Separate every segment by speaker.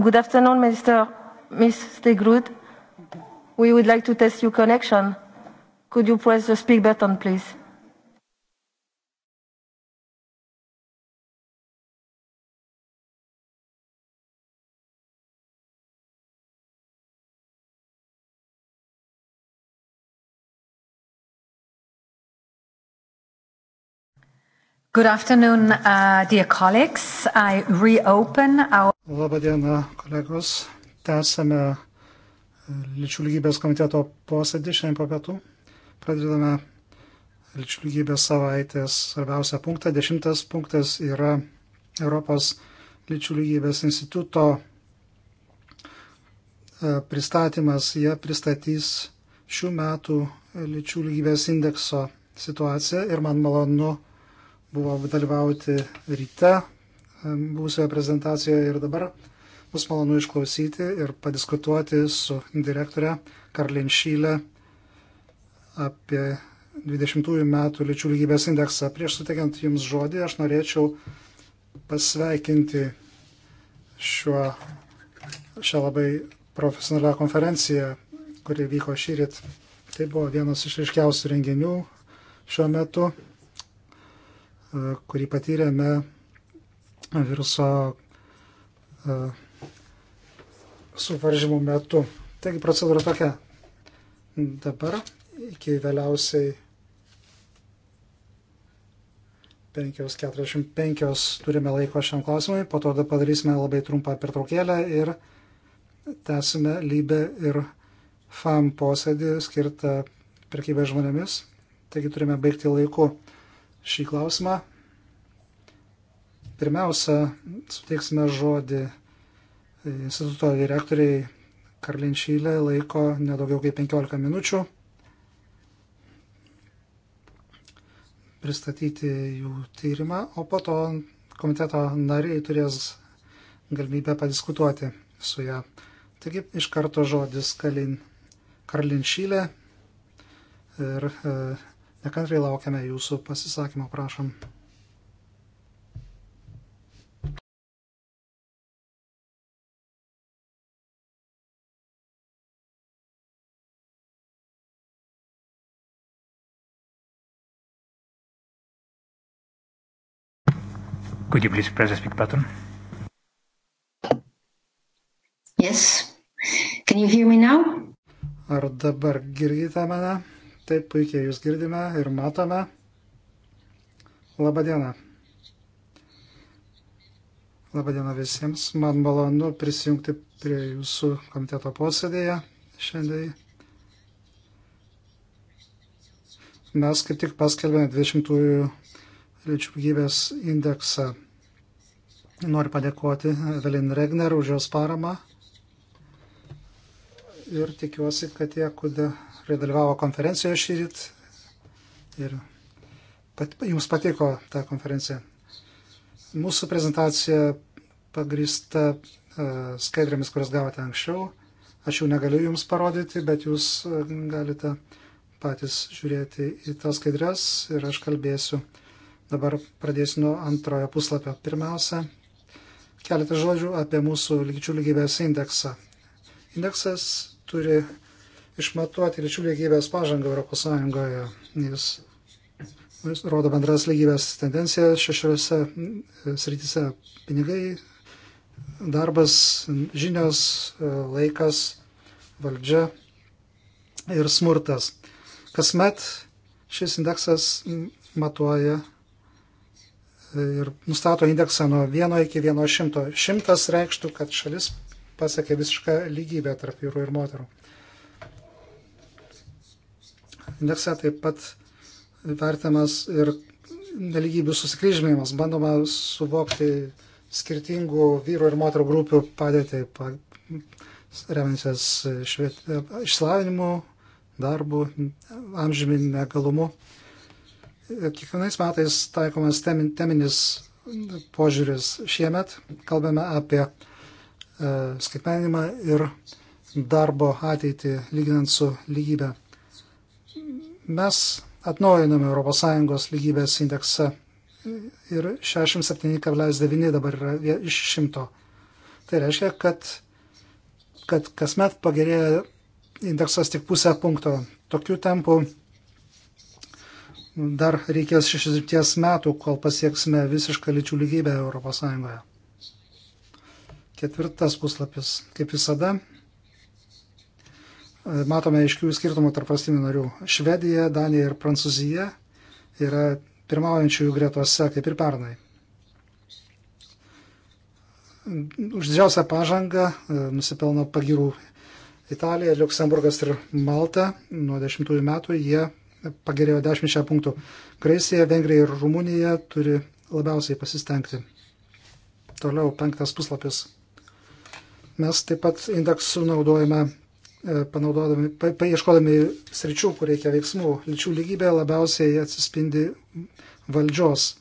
Speaker 1: Good afternoon, Mr. Ms. Stegrud. We would like to test your connection. Could you press the speak button, please? Good afternoon, uh, dear colleagues. I reopen our.
Speaker 2: Labadiena, kolegos. Tęsame e, lyčių lygybės komiteto posėdį šiandien po pietų. Pradedame lyčių lygybės savaitės svarbiausią punktą. Dešimtas punktas yra Europos lyčių lygybės instituto e, pristatymas. Jie pristatys šių metų lyčių lygybės indekso situaciją ir man malonu buvo dalyvauti ryte būsioje prezentacijoje ir dabar bus malonu išklausyti ir padiskutuoti su direktore Karlin Šylė apie 20 metų lyčių lygybės indeksą. Prieš suteikiant Jums žodį, aš norėčiau pasveikinti šiuo, šią labai profesionalią konferenciją, kuri vyko šyrit. Tai buvo vienas iš ryškiausių renginių šiuo metu kurį patyrėme viruso e, suvaržymų metu. Taigi procedūra tokia. Dabar iki vėliausiai 5.45 turime laiko šiam klausimui, po to padarysime labai trumpą pertraukėlę ir tęsime lybę ir FAM posėdį skirtą prekybai žmonėmis. Taigi turime baigti laiku šį klausimą. Pirmiausia, suteiksime žodį instituto direktoriai Karlinčylė laiko nedaugiau kaip 15 minučių pristatyti jų tyrimą, o po to komiteto nariai turės galimybę padiskutuoti su ją. Taigi iš karto žodis Karlinčylė ir e, Nekantrai laukiame jūsų pasisakymą,
Speaker 1: prašom. Could you please press the speak button?
Speaker 2: Yes. Can you hear me now? Ar dabar girdite mane? Taip puikiai jūs girdime ir matome. Labadiena. Labadiena visiems. Man malonu prisijungti prie jūsų komiteto posėdėje šiandien. Mes kaip tik paskelbėme 20-ųjų lyčių gyvės indeksą. Noriu padėkoti Evelin Regner už jos paramą ir tikiuosi, kad tie, kurie kurie dalyvavo konferencijoje šį ryt. Ir pat, jums patiko ta konferencija. Mūsų prezentacija pagrįsta uh, skaidrėmis, kurias gavote anksčiau. Aš jų negaliu jums parodyti, bet jūs e, galite patys žiūrėti į tas skaidrės ir aš kalbėsiu. Dabar pradėsiu nuo antrojo puslapio. Pirmiausia, keletą žodžių apie mūsų lyčių lygybės indeksą. Indeksas turi išmatuoti lyčių lygybės pažangą ES. Jis, jis rodo bendras lygybės tendencijas šešiose e, srityse - pinigai, darbas, žinios, e, laikas, valdžia ir smurtas. Kasmet šis indeksas matuoja e, ir nustato indeksą nuo 1 iki 100. 100 reikštų, kad šalis pasiekė visišką lygybę tarp vyrų ir moterų. Indekse taip pat vertinamas ir neligybių susikryžmėjimas. Bandoma suvokti skirtingų vyrų ir moterų grupių padėtį, remiantis išsilavinimu, darbu, amžiumi negalumu. Kiekvienais metais taikomas teminis požiūris. Šiemet kalbame apie e, skaitmeninimą ir darbo ateitį lyginant su lygybė. Mes atnaujiname ES lygybės indeksą ir 67,9 dabar yra iš 100. Tai reiškia, kad, kad kasmet pagerėja indeksas tik pusę punkto. Tokiu tempu dar reikės 60 metų, kol pasieksime visišką lyčių lygybę ES. Ketvirtas puslapis. Kaip visada, matome iškių skirtumų tarp valstybių narių. Švedija, Danija ir Prancūzija yra pirmaujančiųjų gretose, kaip ir pernai. Už didžiausią pažangą e, nusipelno pagirų Italija, Luxemburgas ir Malta. Nuo dešimtųjų metų jie pagerėjo 10 punktų. Graisija, Vengrija ir Rumunija turi labiausiai pasistengti. Toliau penktas puslapis. Mes taip pat indeksu naudojame E, panaudodami, pa, paieškodami sričių, kur reikia veiksmų. Lyčių lygybė labiausiai atsispindi valdžios e,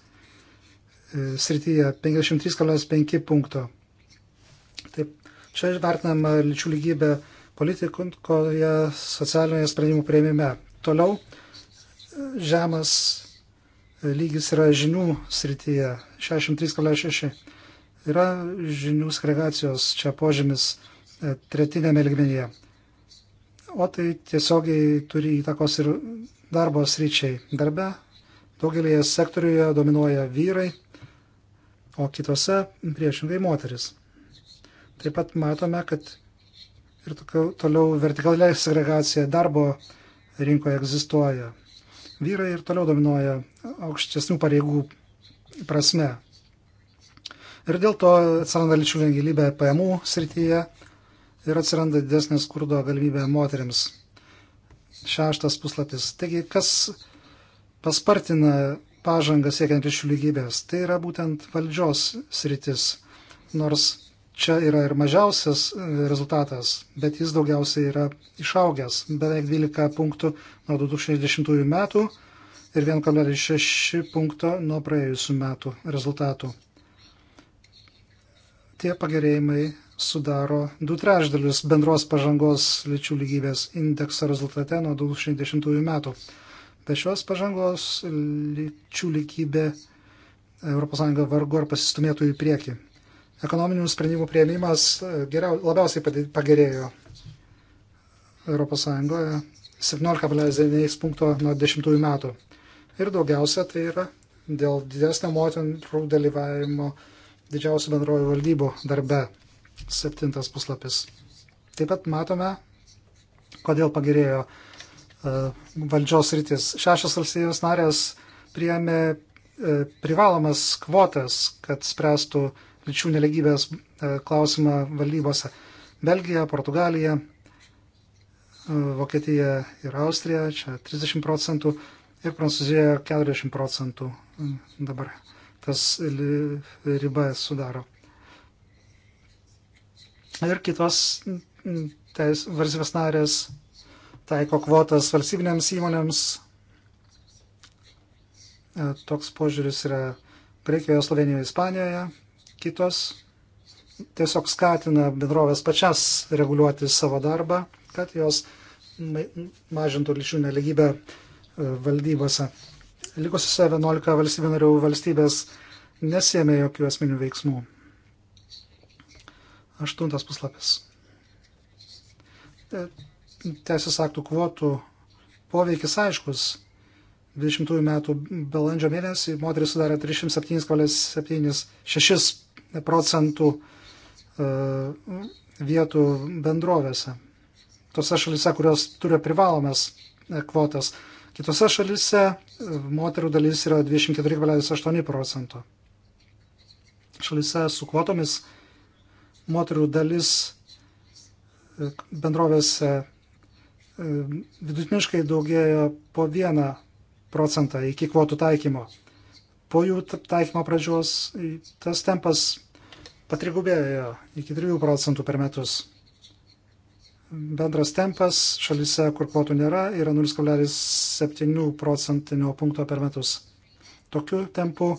Speaker 2: srityje 53,5 punkto. Taip, čia vertinama lyčių lygybė politikoje, socialinėje sprendimų prieimime. Toliau e, žemas lygis yra žinių srityje 63,6. Yra žinių skregacijos čia požymis tretinėme ligmenyje o tai tiesiogiai turi įtakos ir darbo sryčiai darbe. Daugelėje sektoriuje dominuoja vyrai, o kitose priešingai moteris. Taip pat matome, kad ir tokio, toliau vertikalė segregacija darbo rinkoje egzistuoja. Vyrai ir toliau dominuoja aukštesnių pareigų prasme. Ir dėl to atsiranda lyčių lygybė pajamų srityje ir atsiranda didesnė skurdo galimybė moteriams. Šeštas puslapis. Taigi, kas paspartina pažangą siekiant lyčių lygybės? Tai yra būtent valdžios sritis. Nors čia yra ir mažiausias e, rezultatas, bet jis daugiausiai yra išaugęs - beveik 12 punktų nuo 2010 metų ir 1,6 punkto nuo praėjusių metų rezultatų. Tie pagerėjimai sudaro du trešdalius bendros pažangos lyčių lygybės indekso rezultate nuo 2010 metų. Be šios pažangos lyčių lygybė ES vargu ar pasistumėtų į priekį. Ekonominių sprendimų prieimimas e, geriau, labiausiai pagerėjo ES 17,9 punkto nuo 10 metų. Ir daugiausia tai yra dėl didesnio moterų dalyvavimo didžiausių bendrojų valdybų darbe septintas puslapis. Taip pat matome, kodėl pagerėjo e, valdžios rytis. Šešios valstybės narės priėmė e, privalomas kvotas, kad spręstų lyčių neligybės e, klausimą valdybose. Belgija, Portugalija, Vokietija ir Austrija, čia 30 procentų ir Prancūzijoje 40 procentų dabar tas riba sudaro. Ir kitos valstybės narės taiko kvotas valstybinėms įmonėms. E, toks požiūris yra Graikijoje, Slovenijoje, Ispanijoje. Kitos tiesiog skatina bendrovės pačias reguliuoti savo darbą, kad jos mažintų lyčių neligybę e, valdybose. Likusiuose 11 valstybių narių valstybės nesėmė jokių asmenių veiksmų. Aštuntas puslapis. Teisės aktų kvotų poveikis aiškus. 20 metų balandžio mėnesį moteris sudarė 307,76 procentų e, vietų bendrovėse. Tose šalise, kurios turi privalomas e, kvotas. Kitose šalise e, moterų dalis yra 24,8 procento. Šalise su kvotomis moterų dalis e, bendrovėse e, vidutiniškai daugėjo po vieną procentą iki kvotų taikymo. Po jų taikymo pradžios tas tempas patrigubėjo iki 3 procentų per metus. Bendras tempas šalise, kur kvotų nėra, yra 0,7 procentinio punkto per metus. Tokiu tempu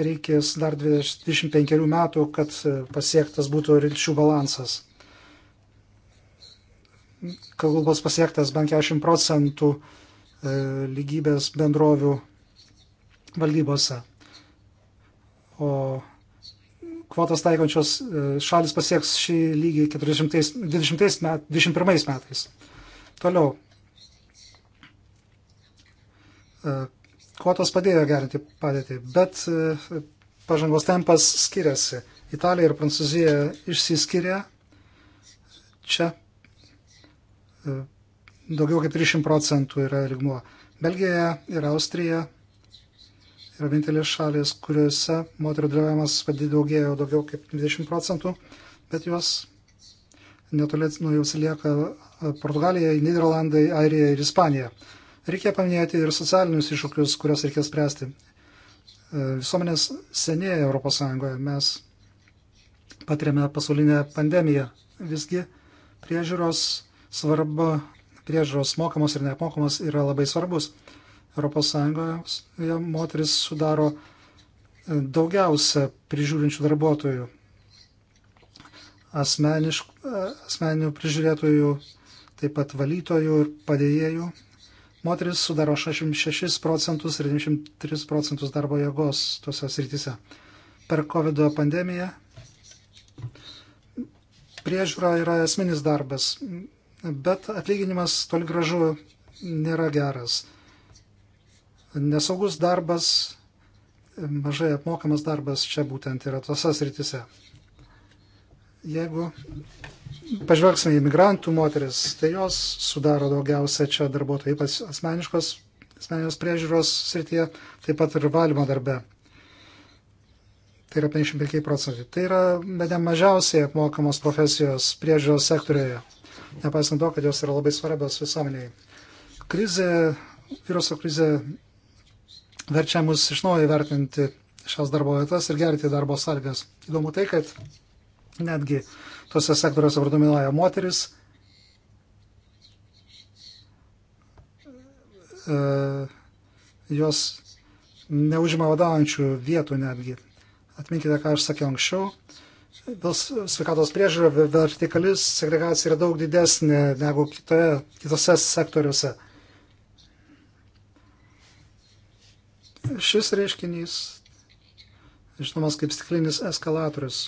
Speaker 2: reikės dar 25 metų, kad e, pasiektas būtų ryčių balansas. Kad bus pasiektas bent 40 procentų e, lygybės bendrovių valdybose. O kvotas taikančios e, šalis pasieks šį lygį 2021 met, metais. Toliau. Kvotos padėjo gerinti padėtį, bet e, pažangos tempas skiriasi. Italija ir Prancūzija išsiskiria. Čia e, daugiau kaip 300 procentų yra lygmuo. Belgija ir Austrija yra vienintelės šalis, kuriuose moterų dalyvavimas padidaugėjo daugiau kaip 20 procentų, bet jos netoli nuo jau atsilieka Portugalija, Niderlandai, Airija ir Ispanija. Reikia paminėti ir socialinius iššūkius, kuriuos reikia spręsti. E, visuomenės senėja Europos Sąjungoje. Mes patiriame pasaulinę pandemiją. Visgi priežiūros svarba, priežiūros mokamos ir neapmokamos yra labai svarbus. Europos Sąjungoje moteris sudaro e, daugiausia prižiūrinčių darbuotojų, asmenišk, e, asmeninių prižiūrėtojų, taip pat valytojų ir padėjėjų Moteris sudaro 66 procentus ir 93 procentus darbo jėgos tuose srityse. Per COVID pandemiją priežiūra yra esminis darbas, bet atlyginimas toli gražu nėra geras. Nesaugus darbas, mažai apmokamas darbas čia būtent yra tose srityse. Jeigu pažvelgsime į migrantų moteris, tai jos sudaro daugiausia čia darbuotojai, ypač asmeniškos, asmeninės priežiūros srityje, taip pat ir valymo darbe. Tai yra 55 procentai. Tai yra bene mažiausiai apmokamos profesijos priežiūros sektorijoje, nepaisant to, kad jos yra labai svarbios visuomeniai. Krizė, viruso krizė verčia mus iš naujo įvertinti šias darbo vietas ir gerinti darbo sąlygas. Įdomu tai, kad Netgi tose sektoriuose, kur dominuoja moteris, e, jos neužima vadovančių vietų netgi. Atminkite, ką aš sakiau anksčiau. Sveikatos priežiūra vertikalis segregacija yra daug didesnė negu kitoje, kitose sektoriuose. Šis reiškinys žinomas kaip stiklinis eskalatorius.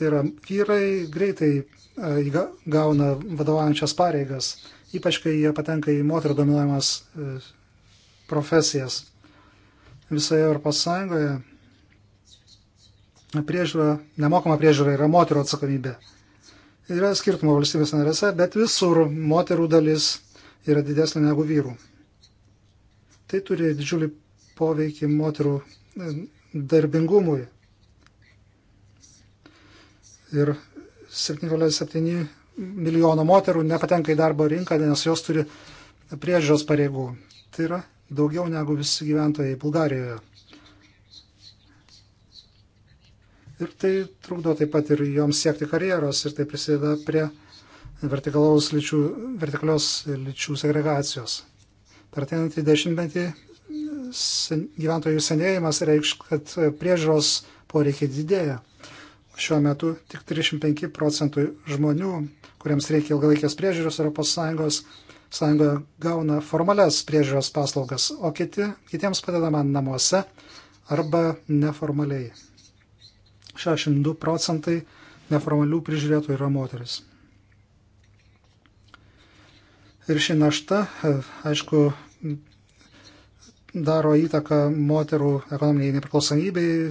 Speaker 2: Tai yra vyrai greitai e, gauna vadovaujančias pareigas, ypač kai jie patenka į moterų dominuojamas e, profesijas. Visoje Europos Sąjungoje priežiūra, nemokama priežiūra yra moterų atsakomybė. Yra skirtumo valstybės narėse, bet visur moterų dalis yra didesnė negu vyrų. Tai turi didžiulį poveikį moterų e, darbingumui ir 7,7 milijono moterų nepatenka į darbo rinką, nes jos turi priežiūros pareigų. Tai yra daugiau negu visi gyventojai Bulgarijoje. Ir tai trukdo taip pat ir joms siekti karjeros ir tai prisideda prie lyčių, vertikalios lyčių segregacijos. Per ateinantį dešimtmetį sen, gyventojų senėjimas reikš, kad priežiūros poreikiai didėja šiuo metu tik 35 procentų žmonių, kuriems reikia ilgalaikės priežiūros ES, sąjungoje gauna formalias priežiūros paslaugas, o kiti, kitiems padedama namuose arba neformaliai. 62 procentai neformalių prižiūrėtojų yra moteris. Ir ši našta, aišku, daro įtaką moterų ekonominiai nepriklausomybei,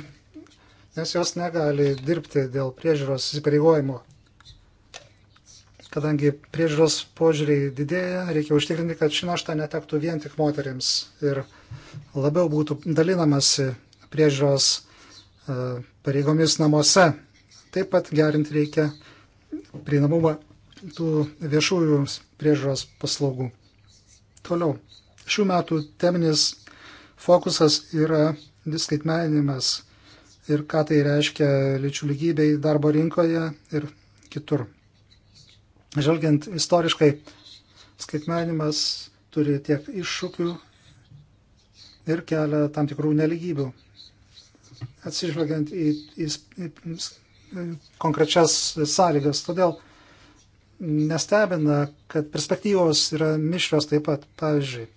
Speaker 2: nes jos negali dirbti dėl priežiūros įsipareigojimų. Kadangi priežiūros požiūriai didėja, reikia užtikrinti, kad ši našta netektų vien tik moteriams ir labiau būtų dalinamasi priežiūros e, pareigomis namuose. Taip pat gerinti reikia prieinamumą tų viešųjų priežiūros paslaugų. Toliau. Šių metų teminis fokusas yra diskaitmeninimas ir ką tai reiškia lyčių lygybei darbo rinkoje ir kitur. Žvelgiant istoriškai, skaitmenimas turi tiek iššūkių ir kelia tam tikrų neligybių. Atsižvelgiant į, į, į konkrečias sąlygas. Todėl nestebina, kad perspektyvos yra mišrios taip pat. Pavyzdžiui,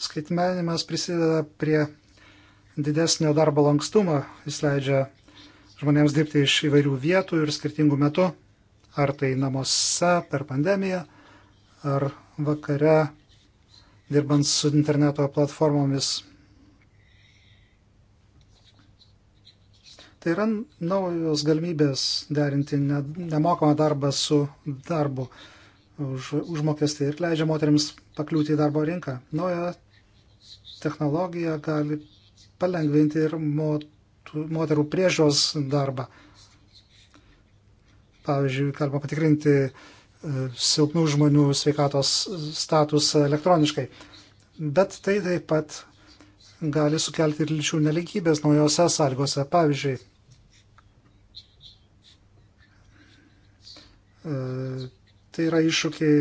Speaker 2: skaitmenimas prisideda prie didesnio darbo lankstumą. Jis leidžia žmonėms dirbti iš įvairių vietų ir skirtingų metų, ar tai namuose per pandemiją, ar vakare dirbant su interneto platformomis. Tai yra naujos galimybės derinti nemokamą darbą su darbu už, užmokestį ir leidžia moteriams pakliūti į darbo rinką. Nauja technologija gali palengvinti ir moterų priežos darbą. Pavyzdžiui, galima patikrinti e, silpnų žmonių sveikatos statusą elektroniškai. Bet tai taip pat gali sukelti ir lyčių neligybės naujose sąlygose. Pavyzdžiui, e, tai yra iššūkiai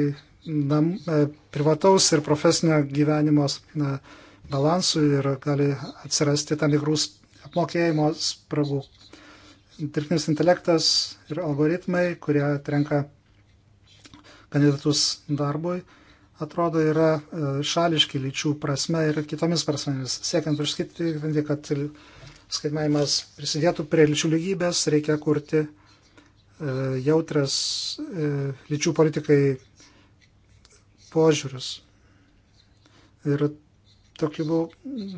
Speaker 2: nam, e, privataus ir profesinio gyvenimos na, balansui ir gali atsirasti tam tikrus apmokėjimo spragų. Dirbtinis intelektas ir algoritmai, kurie atrenka kandidatus darbui, atrodo yra e, šališki lyčių prasme ir kitomis prasmėmis. Siekiant užskaitinti, kad skaitmenimas prisidėtų prie lyčių lygybės, reikia kurti e, jautres e, lyčių politikai požiūrius. Ir Tokiu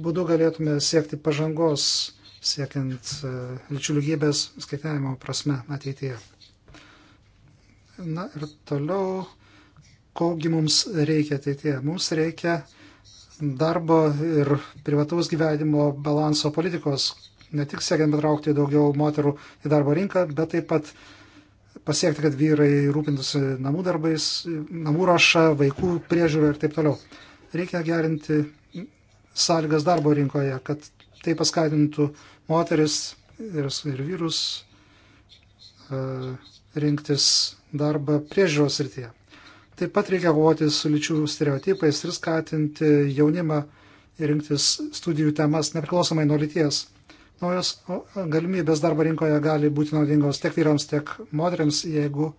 Speaker 2: būdu galėtume siekti pažangos, siekiant e, lyčių lygybės skaitinimo prasme ateityje. Na ir toliau, kogi mums reikia ateityje? Mums reikia darbo ir privataus gyvenimo balanso politikos, ne tik siekiant patraukti daugiau moterų į darbo rinką, bet taip pat pasiekti, kad vyrai rūpintųsi namų darbais, namų rašą, vaikų priežiūrą ir taip toliau. Reikia gerinti sąlygas darbo rinkoje, kad tai paskatintų moteris ir, ir vyrus e, rinktis darbą priežiūros rytyje. Taip pat reikia kovoti su lyčių stereotipais ir skatinti jaunimą rinktis studijų temas nepriklausomai nuo lyties. Naujos galimybės darbo rinkoje gali būti naudingos tiek vyrams, tiek moteriams, jeigu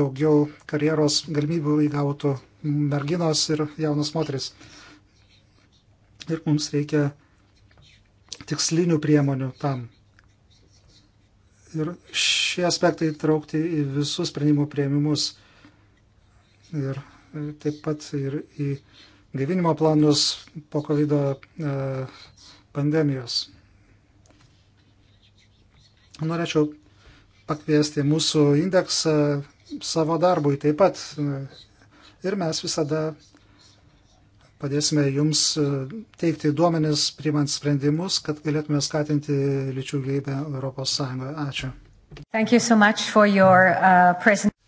Speaker 2: daugiau karjeros galimybių įgautų merginos ir jaunos moteris ir mums reikia tikslinių priemonių tam. Ir šie aspektai traukti į visus sprendimų prieimimus ir taip pat ir į gaivinimo planus po COVID e, pandemijos. Norėčiau pakviesti mūsų indeksą savo darbui taip pat. E, ir mes visada padėsime jums e, teikti duomenis, priimant sprendimus, kad galėtume skatinti lyčių lygybę Europos Sąjungoje. Ačiū.
Speaker 3: Thank you
Speaker 1: so much for your uh, presentation.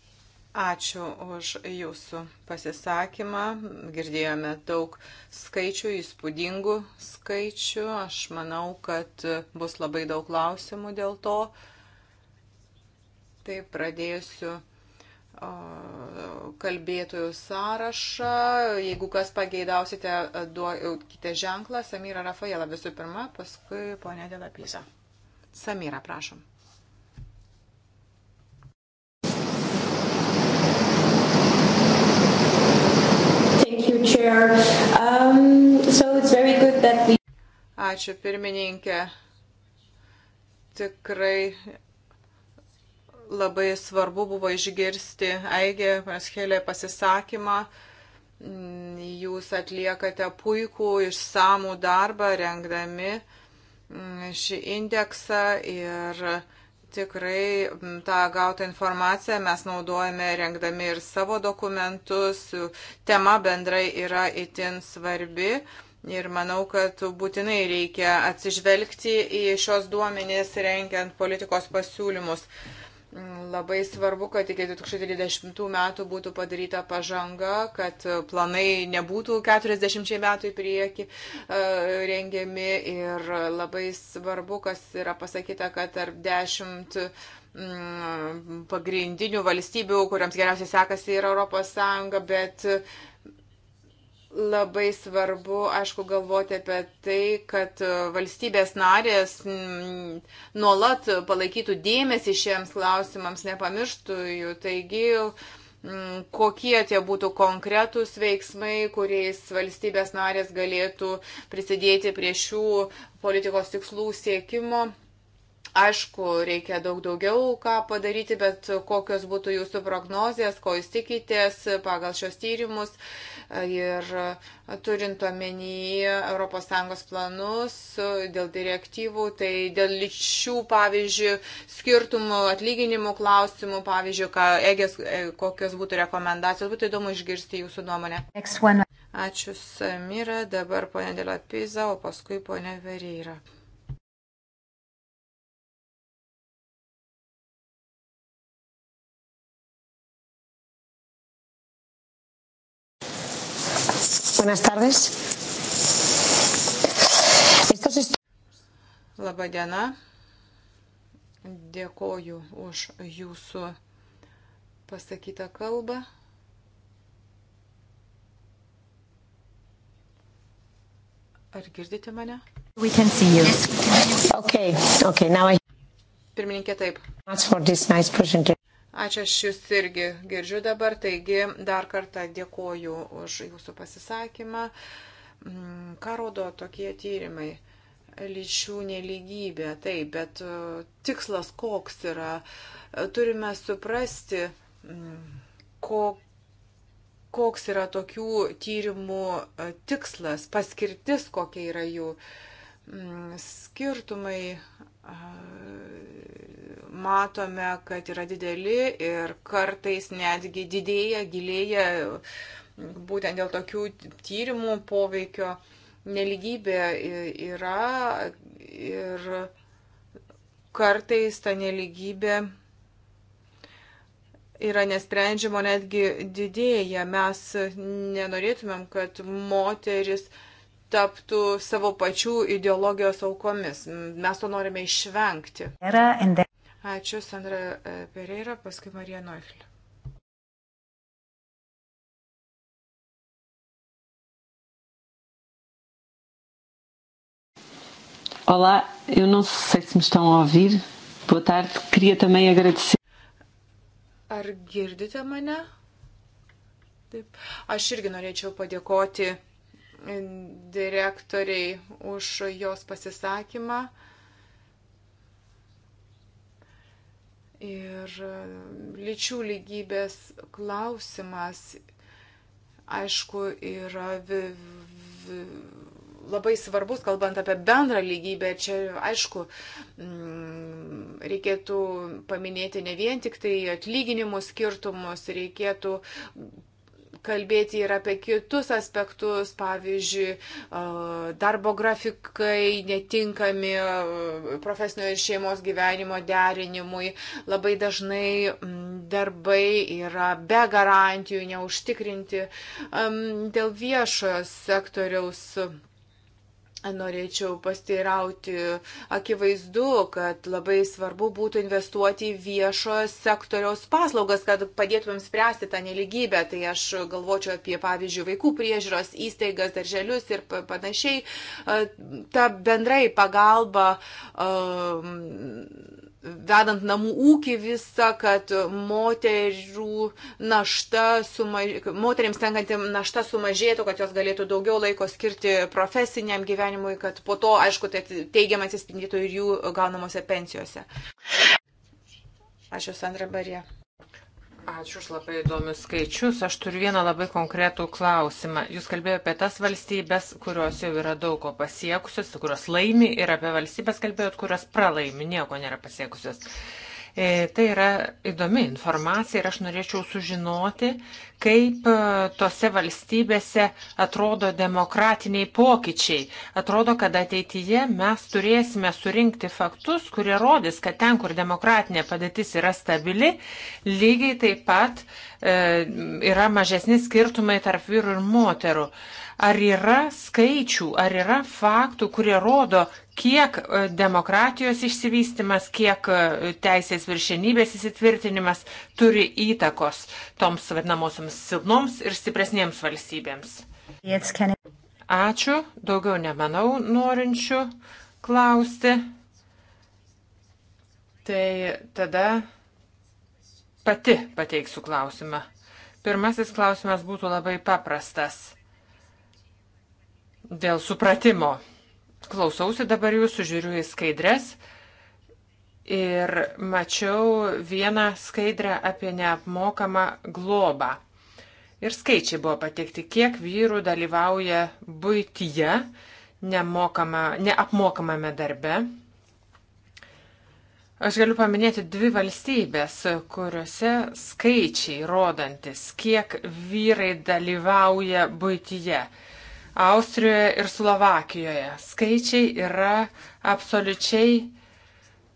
Speaker 1: Ačiū už jūsų pasisakymą. Girdėjome daug skaičių, įspūdingų skaičių. Aš manau, kad bus labai daug klausimų dėl to. Tai pradėsiu kalbėtojų sąrašą. Jeigu kas pageidausite, duokite ženklą. Samira Rafaela visų pirma, paskui ponė Delapyza. Samira, prašom. Um, Ačiū pirmininkė. Tikrai Labai svarbu buvo išgirsti Aigė Praschelė pasisakymą. Mm, jūs atliekate puikų išsamų darbą rengdami mm, šį indeksą ir tikrai mm, tą gautą informaciją mes naudojame rengdami ir savo dokumentus. Tema bendrai yra itin svarbi. Ir manau, kad būtinai reikia atsižvelgti į šios duomenys rengiant politikos pasiūlymus. Uh, Labai svarbu, kad iki 2020 metų būtų padaryta pažanga, kad planai nebūtų 40 metų į priekį e, rengiami ir labai svarbu, kas yra pasakyta, kad tarp 10 mm, pagrindinių valstybių, kuriams geriausiai sekasi, yra ES, bet labai svarbu, aišku, galvoti apie tai, kad valstybės narės mm, nuolat palaikytų dėmesį šiems klausimams, nepamirštų jų. Taigi, mm, kokie tie būtų konkretūs veiksmai, kuriais valstybės narės galėtų prisidėti prie šių politikos tikslų siekimo. Aišku, reikia daug daugiau ką padaryti, bet kokios būtų jūsų prognozijas, ko jūs tikitės pagal šios tyrimus ir turint omeny ES planus dėl direktyvų, tai dėl lyčių, pavyzdžiui, skirtumų, atlyginimų klausimų, pavyzdžiui, ką, egės, e, kokios būtų rekomendacijos, būtų įdomu išgirsti jūsų nuomonę. Ačiū Samira, dabar ponė Dėlapyza, o paskui ponė Vereira.
Speaker 3: Buenas tardes.
Speaker 1: Estos Labą dieną. Dėkoju už jūsų pasakytą kalbą. Ar girdite mane?
Speaker 3: We can see you. Okay, okay, now I...
Speaker 1: Pirmininkė, taip.
Speaker 3: Nice
Speaker 1: Ačiū, aš jūs irgi girdžiu dabar, taigi dar kartą dėkoju už jūsų pasisakymą. Mm, ką rodo tokie tyrimai? Lyčių neligybė, taip, bet e, tikslas koks yra. E, turime suprasti, mm, ko, koks yra tokių tyrimų e, tikslas, paskirtis, kokia yra jų mm, skirtumai matome, kad yra dideli ir kartais netgi didėja, gilėja būtent dėl tokių tyrimų poveikio neligybė yra ir kartais ta neligybė yra nesprendžiama, netgi didėja. Mes nenorėtumėm, kad moteris taptų savo pačių ideologijos aukomis. Mes to norime išvengti. Ačiū Sandra e, Pereira, paskui Marija Noichlė.
Speaker 3: Olá, eu não sei se me estão a ouvir. Boa tarde. Queria também agradecer.
Speaker 1: Ar girdite mane? Taip. Aš irgi norėčiau padėkoti direktoriai už jos pasisakymą. Ir e, lyčių lygybės klausimas, aišku, yra vi, vi, labai svarbus, kalbant apie bendrą lygybę, čia aišku, mm, reikėtų paminėti ne vien tik tai atlyginimų skirtumus, reikėtų kalbėti ir apie kitus aspektus, pavyzdžiui, darbo grafikai netinkami profesinio ir šeimos gyvenimo derinimui. Labai dažnai darbai yra be garantijų, neužtikrinti dėl viešojo sektoriaus Norėčiau pasteirauti, akivaizdu, kad labai svarbu būtų investuoti į viešojo sektoriaus paslaugas, kad padėtumėm spręsti tą neligybę. Tai aš galvočiau apie, pavyzdžiui, vaikų priežiūros įstaigas, darželius ir panašiai. Ta bendrai pagalba vedant namų ūkį visą, kad moterų našta sumaž... moteriams tenkanti našta sumažėtų, kad jos galėtų daugiau laiko skirti profesiniam gyvenimui, kad po to, aišku, tai teigiamai atsispindėtų ir jų gaunamose pensijose. Ačiū, Sandra Barė.
Speaker 3: Ačiū už labai įdomius skaičius. Aš turiu vieną labai konkretų klausimą. Jūs kalbėjote apie tas valstybės, kurios jau yra daug ko pasiekusios, kurios laimi, ir apie valstybės kalbėjot, kurios pralaimi, nieko nėra pasiekusios. E, tai yra įdomi informacija ir aš norėčiau sužinoti, kaip e, tose valstybėse atrodo demokratiniai pokyčiai. Atrodo, kad ateityje mes turėsime surinkti faktus, kurie rodys, kad ten, kur demokratinė padėtis yra stabili, lygiai taip pat e, yra mažesni skirtumai tarp vyrų ir moterų. Ar yra skaičių, ar yra faktų, kurie rodo, kiek e, demokratijos išsivystimas, kiek e, teisės viršenybės įsitvirtinimas turi įtakos toms vadinamosioms silpnoms ir stipresniems valstybėms. Ačiū, daugiau nemanau norinčių klausti. Tai tada pati pateiksiu klausimą. Pirmasis klausimas būtų labai paprastas. Dėl supratimo klausausi dabar jūsų, žiūriu į skaidres ir mačiau vieną skaidrę apie neapmokamą globą. Ir skaičiai buvo pateikti, kiek vyrų dalyvauja būtyje, neapmokamame darbe. Aš galiu paminėti dvi valstybės, kuriuose skaičiai rodantis, kiek vyrai dalyvauja būtyje. Austrijoje ir Slovakijoje. Skaičiai yra absoliučiai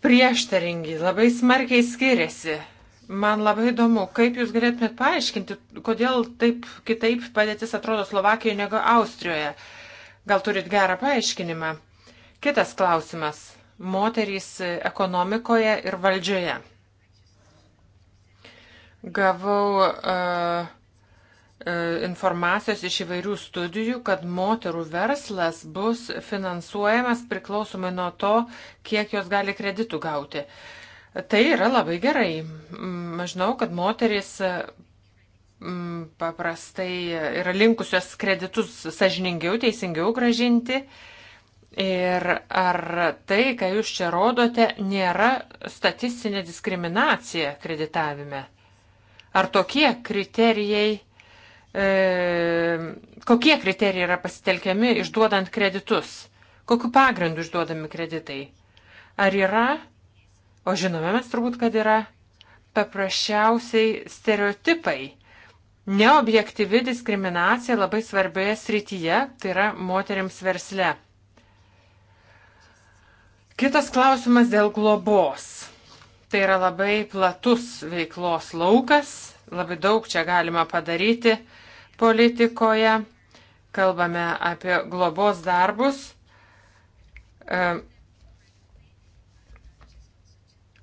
Speaker 3: prieštaringi, labai smarkiai skiriasi. Man labai įdomu, kaip jūs galėtumėt paaiškinti, kodėl taip kitaip padėtis atrodo Slovakijoje negu Austrijoje. Gal turit gerą paaiškinimą? Kitas klausimas. Moterys ekonomikoje ir valdžioje. Gavau uh, E, informacijos iš įvairių studijų, kad moterų verslas bus finansuojamas priklausomai nuo to, kiek jos gali kreditų gauti. Tai yra labai gerai. Aš žinau, kad moteris e, paprastai yra linkusios kreditus sažiningiau, teisingiau gražinti. Ir ar tai, ką jūs čia rodote, nėra statistinė diskriminacija kreditavime? Ar tokie kriterijai E, kokie kriterijai yra pasitelkiami išduodant kreditus, kokiu pagrindu išduodami kreditai. Ar yra, o žinome mes turbūt, kad yra paprasčiausiai stereotipai, neobjektyvi diskriminacija labai svarbioje srityje, tai yra moteriams versle. Kitas klausimas dėl globos. Tai yra labai platus veiklos laukas, labai daug čia galima padaryti politikoje, kalbame apie globos darbus. E,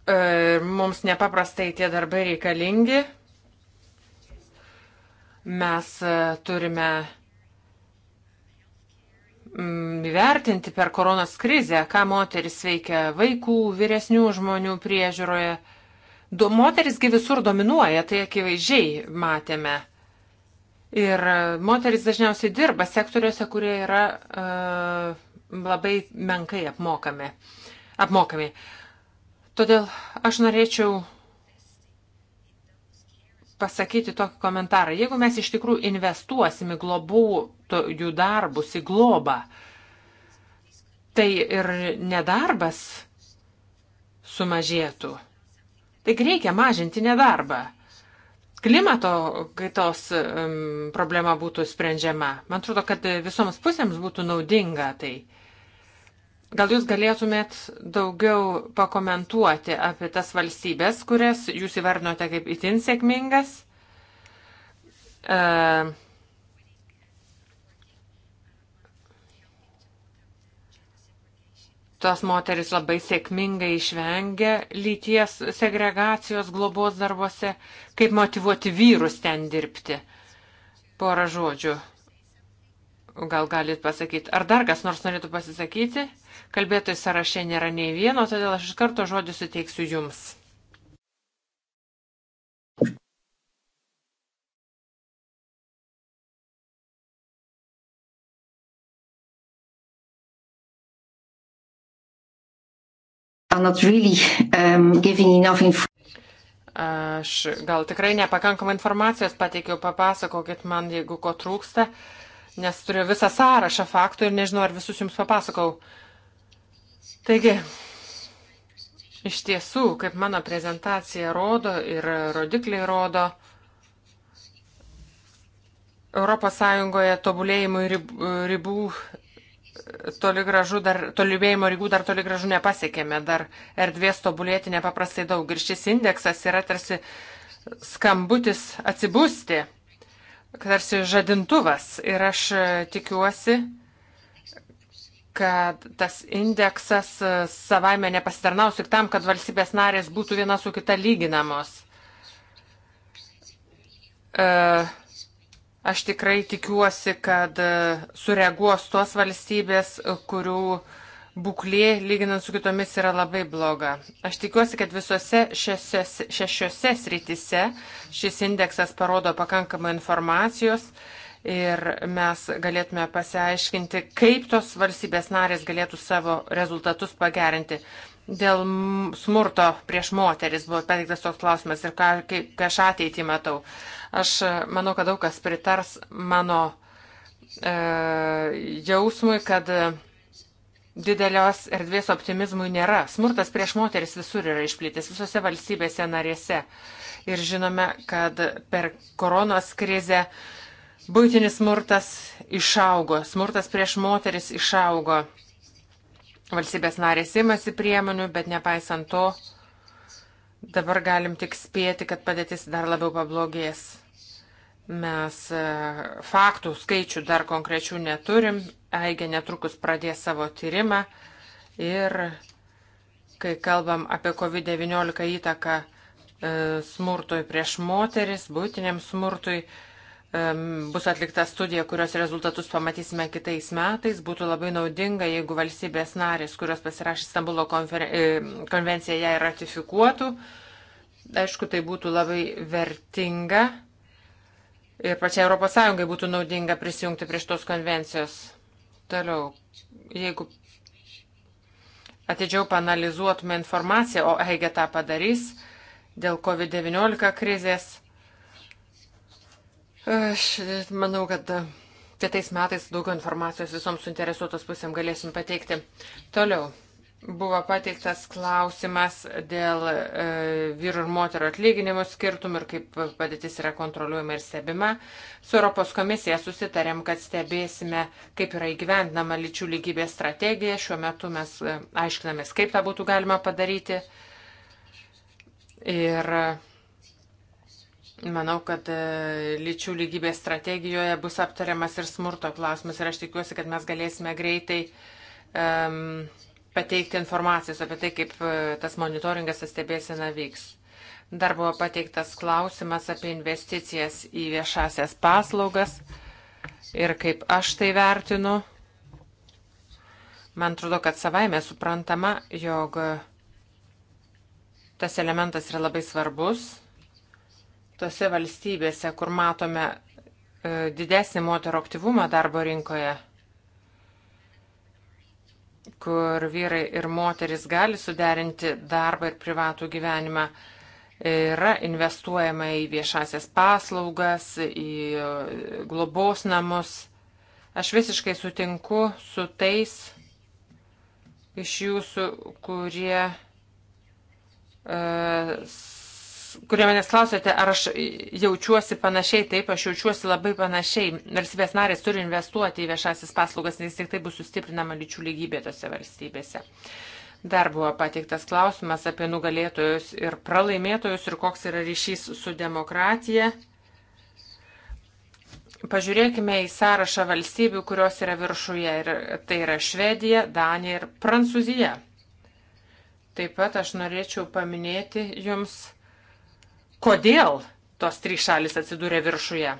Speaker 3: e, mums nepaprastai tie darbai reikalingi. Mes e, turime mm, įvertinti per koronas krizę, ką moteris veikia vaikų, vyresnių žmonių priežiūroje. Du, moterisgi visur dominuoja, tai akivaizdžiai matėme. Ir moteris dažniausiai dirba sektoriuose, kurie yra uh, labai menkai apmokami. apmokami. Todėl aš norėčiau pasakyti tokį komentarą. Jeigu mes iš tikrųjų investuosim į globųjų darbus, į globą, tai ir nedarbas sumažėtų. Taigi reikia mažinti nedarbą klimato kaitos um, problema būtų sprendžiama. Man atrodo, kad visoms pusėms būtų naudinga tai. Gal jūs galėtumėt daugiau pakomentuoti apie tas valstybės, kurias jūs įvardinote kaip itin sėkmingas? Uh, tos moteris labai sėkmingai išvengia lyties segregacijos globos darbuose, kaip motivuoti vyrus ten dirbti. Porą žodžių. Gal galit pasakyti. Ar dar kas nors norėtų pasisakyti? Kalbėtojų sąraše nėra nei vieno, todėl aš iš karto žodį suteiksiu jums.
Speaker 1: are not really um, giving enough information.
Speaker 3: Aš gal tikrai nepakankamai informacijos pateikiau, papasakokit man, jeigu ko trūksta, nes turiu visą sąrašą faktų ir nežinau, ar visus jums papasakau. Taigi, iš tiesų, kaip mano prezentacija rodo ir rodikliai rodo, ES tobulėjimui ribų toli gražu dar, tolibėjimo rygų dar toli gražu nepasiekėme, dar erdvės tobulėti nepaprastai daug. Ir šis indeksas yra tarsi skambutis atsibusti, tarsi žadintuvas. Ir aš e, tikiuosi, kad tas indeksas e, savaime nepasitarnaus tik tam, kad valstybės narės būtų viena su kita lyginamos. Uh, Aš tikrai tikiuosi, kad e, sureaguos tos valstybės, e, kurių būklė, lyginant su kitomis, yra labai bloga. Aš tikiuosi, kad visose šešiose, šešiose srityse šis indeksas parodo pakankamai informacijos ir mes galėtume pasiaiškinti, kaip tos valstybės narės galėtų savo rezultatus pagerinti. Dėl smurto prieš moteris buvo pateiktas toks klausimas ir ką, kaip aš ateitį matau. Aš e, manau, kad daug kas pritars mano e, jausmui, kad e, didelios erdvės optimizmui nėra. Smurtas prieš moteris visur yra išplitęs, visose valstybėse narėse. Ir žinome, kad per koronos krizę būtinis smurtas išaugo, smurtas prieš moteris išaugo. Valstybės narės imasi priemonių, bet nepaisant to, dabar galim tik spėti, kad padėtis dar labiau pablogės. Mes e, faktų skaičių dar konkrečių neturim. Aigė netrukus pradės savo tyrimą ir kai kalbam apie COVID-19 įtaką e, smurtui prieš moteris, būtiniam smurtui, bus atlikta studija, kurios rezultatus pamatysime kitais metais. Būtų labai naudinga, jeigu valstybės narės, kurios pasirašė Stambulo e, konvenciją, ją ratifikuotų. Aišku, tai būtų labai vertinga ir pačiai ES būtų naudinga prisijungti prie šitos konvencijos. Toliau, jeigu atidžiau panalizuotume informaciją, o Heige tą padarys dėl COVID-19 krizės Aš manau, kad kitais metais daugiau informacijos visoms suinteresuotos pusėm galėsim pateikti. Toliau buvo pateiktas klausimas dėl e, vyrų ir moterų atlyginimų skirtumų ir kaip padėtis yra kontroliuojama ir stebima. Su Europos komisija susitarėm, kad stebėsime, kaip yra įgyvendinama lyčių lygybės strategija. Šiuo metu mes e, aiškinamės, kaip tą būtų galima padaryti. Ir e, Manau, kad e, lyčių lygybės strategijoje bus aptariamas ir smurto klausimas ir aš tikiuosi, kad mes galėsime greitai um, pateikti informacijos apie tai, kaip e, tas monitoringas stebėsena vyks. Dar buvo pateiktas klausimas apie investicijas į viešasias paslaugas ir kaip aš tai vertinu. Man atrodo, kad savaime suprantama, jog tas elementas yra labai svarbus tose valstybėse, kur matome e, didesnį moterų aktyvumą darbo rinkoje, kur vyrai ir moteris gali suderinti darbą ir privatų gyvenimą, yra investuojama į viešasias paslaugas, į e, globos namus. Aš visiškai sutinku su tais iš jūsų, kurie uh, kurie manęs klausėte, ar aš jaučiuosi panašiai, taip, aš jaučiuosi labai panašiai. Valstybės narės turi investuoti į viešasis paslaugas, nes tik tai bus sustiprinama lyčių lygybė tose valstybėse. Dar buvo pateiktas klausimas apie nugalėtojus ir pralaimėtojus ir koks yra ryšys su demokratija. Pažiūrėkime į sąrašą valstybių, kurios yra viršuje. Ir tai yra Švedija, Danija ir Prancūzija. Taip pat aš norėčiau paminėti jums kodėl tos trys šalis atsidūrė viršuje.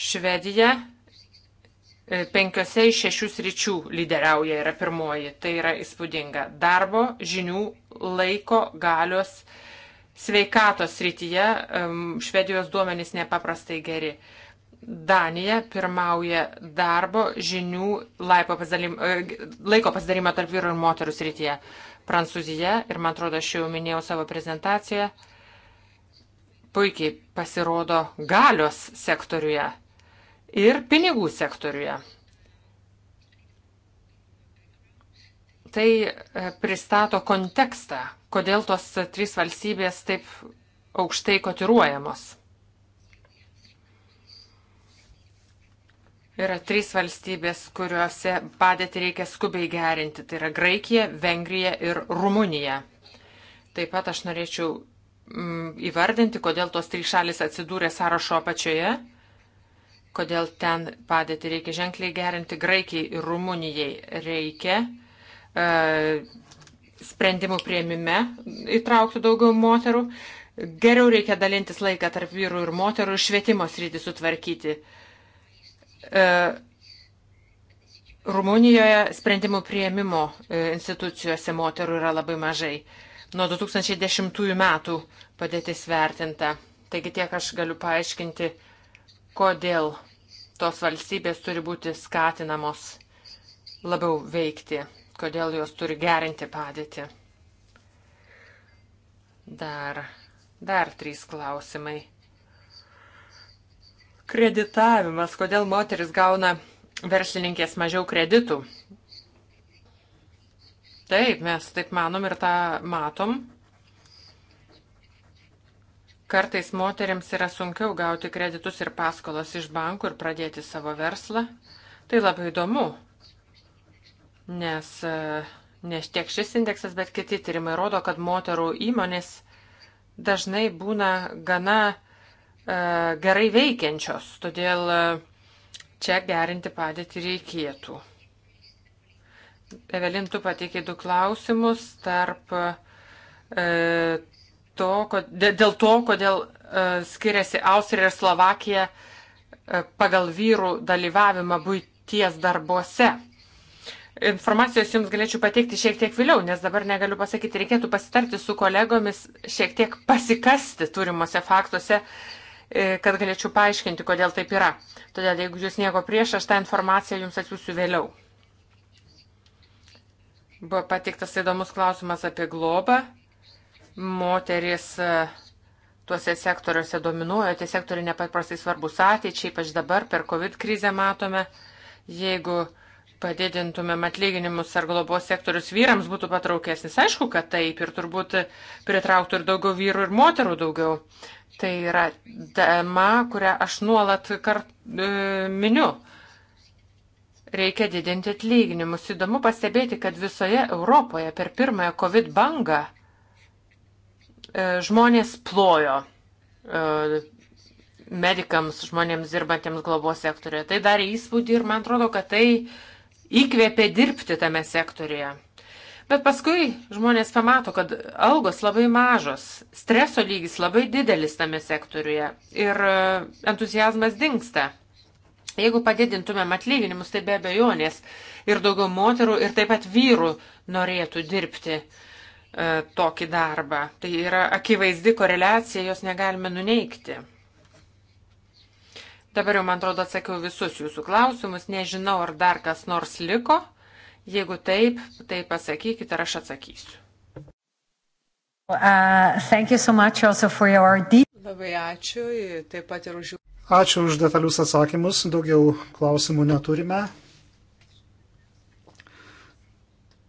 Speaker 3: Švedija e, penkiose iš šešių sričių lyderiauja yra pirmoji. Tai yra įspūdinga. Darbo, žinių, laiko, galios, sveikatos srityje Švedijos duomenys nepaprastai geri. Danija pirmauja darbo, žinių, pasidalim, e, laiko pasidarimo tarp vyrų ir moterų srityje. Prancūzija, ir man atrodo, aš jau minėjau savo prezentaciją, puikiai pasirodo galios sektoriuje ir pinigų sektoriuje. Tai e, pristato kontekstą, kodėl tos trys valstybės taip aukštai kotiruojamos. Yra trys valstybės, kuriuose padėti reikia skubiai gerinti. Tai yra Graikija, Vengrija ir Rumunija. Taip pat aš norėčiau Mm, įvardinti, kodėl tos trys šalis atsidūrė sąrašo apačioje, kodėl ten padėti reikia ženkliai gerinti Graikijai ir Rumunijai. Reikia e, sprendimų prieimime įtraukti daugiau moterų. Geriau reikia dalintis laiką tarp vyrų ir moterų ir švietimo srity sutvarkyti. E, Rumunijoje sprendimų prieimimo e, institucijose moterų yra labai mažai. E, nuo 2010 metų padėtis vertinta. Taigi tiek aš galiu paaiškinti, kodėl tos valstybės turi būti skatinamos labiau veikti, kodėl jos turi gerinti padėtį. Dar, dar trys klausimai. Kreditavimas. Kodėl moteris gauna verslininkės mažiau kreditų? Taip, mes taip manom ir tą matom. Kartais moteriams yra sunkiau gauti kreditus ir paskolas iš bankų ir pradėti savo verslą. Tai labai įdomu, nes e, ne tiek šis indeksas, bet kiti tyrimai rodo, kad moterų įmonės dažnai būna gana e, gerai veikiančios, todėl e, čia gerinti padėtį reikėtų. Evelin, tu pateikė du klausimus tarp e, to, kod, dėl to, kodėl e, skiriasi Austrija ir Slovakija e, pagal vyrų dalyvavimą būties darbuose. Informacijos jums galėčiau pateikti šiek tiek vėliau, nes dabar negaliu pasakyti, reikėtų pasitarti su kolegomis, šiek tiek pasikasti turimuose faktuose, e, kad galėčiau paaiškinti, kodėl taip yra. Todėl, jeigu jūs nieko prieš, aš tą informaciją jums atsiųsiu vėliau. Buvo patiktas įdomus klausimas apie globą. Moteris e, tuose sektoriuose dominuoja, tie sektoriai nepaprastai svarbus ateičiai, ypač dabar per COVID krizę matome, jeigu padidintumėm atlyginimus ar globos sektorius vyrams būtų patraukesnis. Aišku, kad taip ir turbūt pritrauktų ir daugiau vyrų ir moterų daugiau. Tai yra tema, kurią aš nuolat kart, e, miniu reikia didinti atlyginimus. Įdomu pastebėti, kad visoje Europoje per pirmąją COVID bangą e, žmonės plojo e, medikams, žmonėms dirbantiems globos sektorėje. Tai darė įspūdį ir man atrodo, kad tai įkvėpė dirbti tame sektorėje. Bet paskui žmonės pamato, kad algos labai mažos, streso lygis labai didelis tame sektoriuje ir e, entuzijazmas dinksta. Jeigu padidintumėm atlyginimus, tai be abejonės ir daugiau moterų ir taip pat vyrų norėtų dirbti e, tokį darbą. Tai yra akivaizdi koreliacija, jos negalime nuneikti. Dabar jau, man atrodo, atsakiau visus jūsų klausimus. Nežinau, ar dar kas nors liko. Jeigu taip, tai pasakykite, ar aš atsakysiu. Uh, so your...
Speaker 1: Labai ačiū taip pat ir už jų
Speaker 2: Ačiū už detalius atsakymus, daugiau klausimų neturime.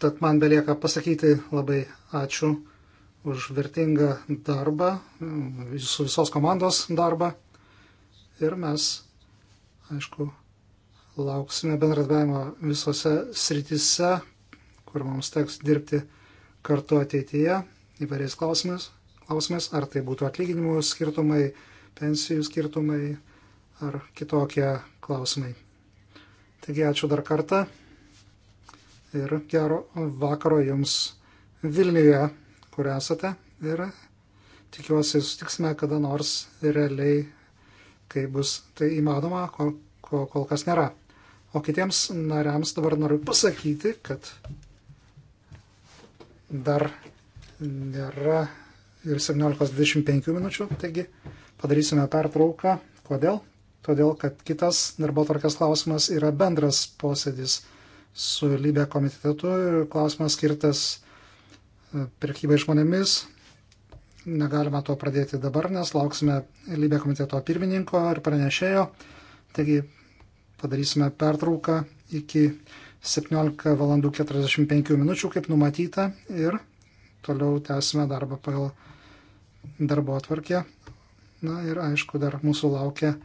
Speaker 2: Tad man belieka pasakyti labai ačiū už vertingą darbą, jūsų visos komandos darbą. Ir mes, aišku, lauksime bendradavimo visose sritise, kur mums teks dirbti kartu ateityje įvairiais klausimais, klausimais ar tai būtų atlyginimų skirtumai, pensijų skirtumai ar kitokie klausimai. Taigi ačiū dar kartą ir gero vakaro jums Vilniuje, kur esate ir tikiuosi sutiksime kada nors realiai, kai bus tai įmanoma, ko, ko kol kas nėra. O kitiems nariams dabar noriu pasakyti, kad dar nėra ir 17.25 minučių, taigi padarysime pertrauką. Kodėl? todėl kad kitas darbo tvarkės klausimas yra bendras posėdis su lybė komitetu ir klausimas skirtas e, prekybai žmonėmis. Negalima to pradėti dabar, nes lauksime lybė komiteto pirmininko ir pranešėjo. Taigi padarysime pertrauką iki 17 val. 45 minučių, kaip numatyta, ir toliau tęsime darbą pagal darbo atvarkę. Na ir aišku, dar mūsų laukia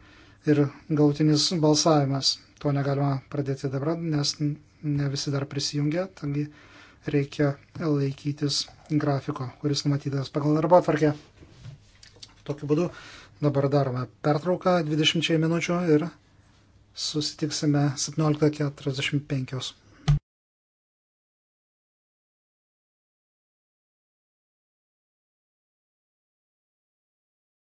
Speaker 2: ir gautinis balsavimas. To negalima pradėti dabar, nes ne visi dar prisijungia, taigi reikia laikytis grafiko, kuris numatytas pagal darbo atvarkę. Tokiu būdu dabar darome pertrauką 20 minučių ir susitiksime
Speaker 1: 17.45.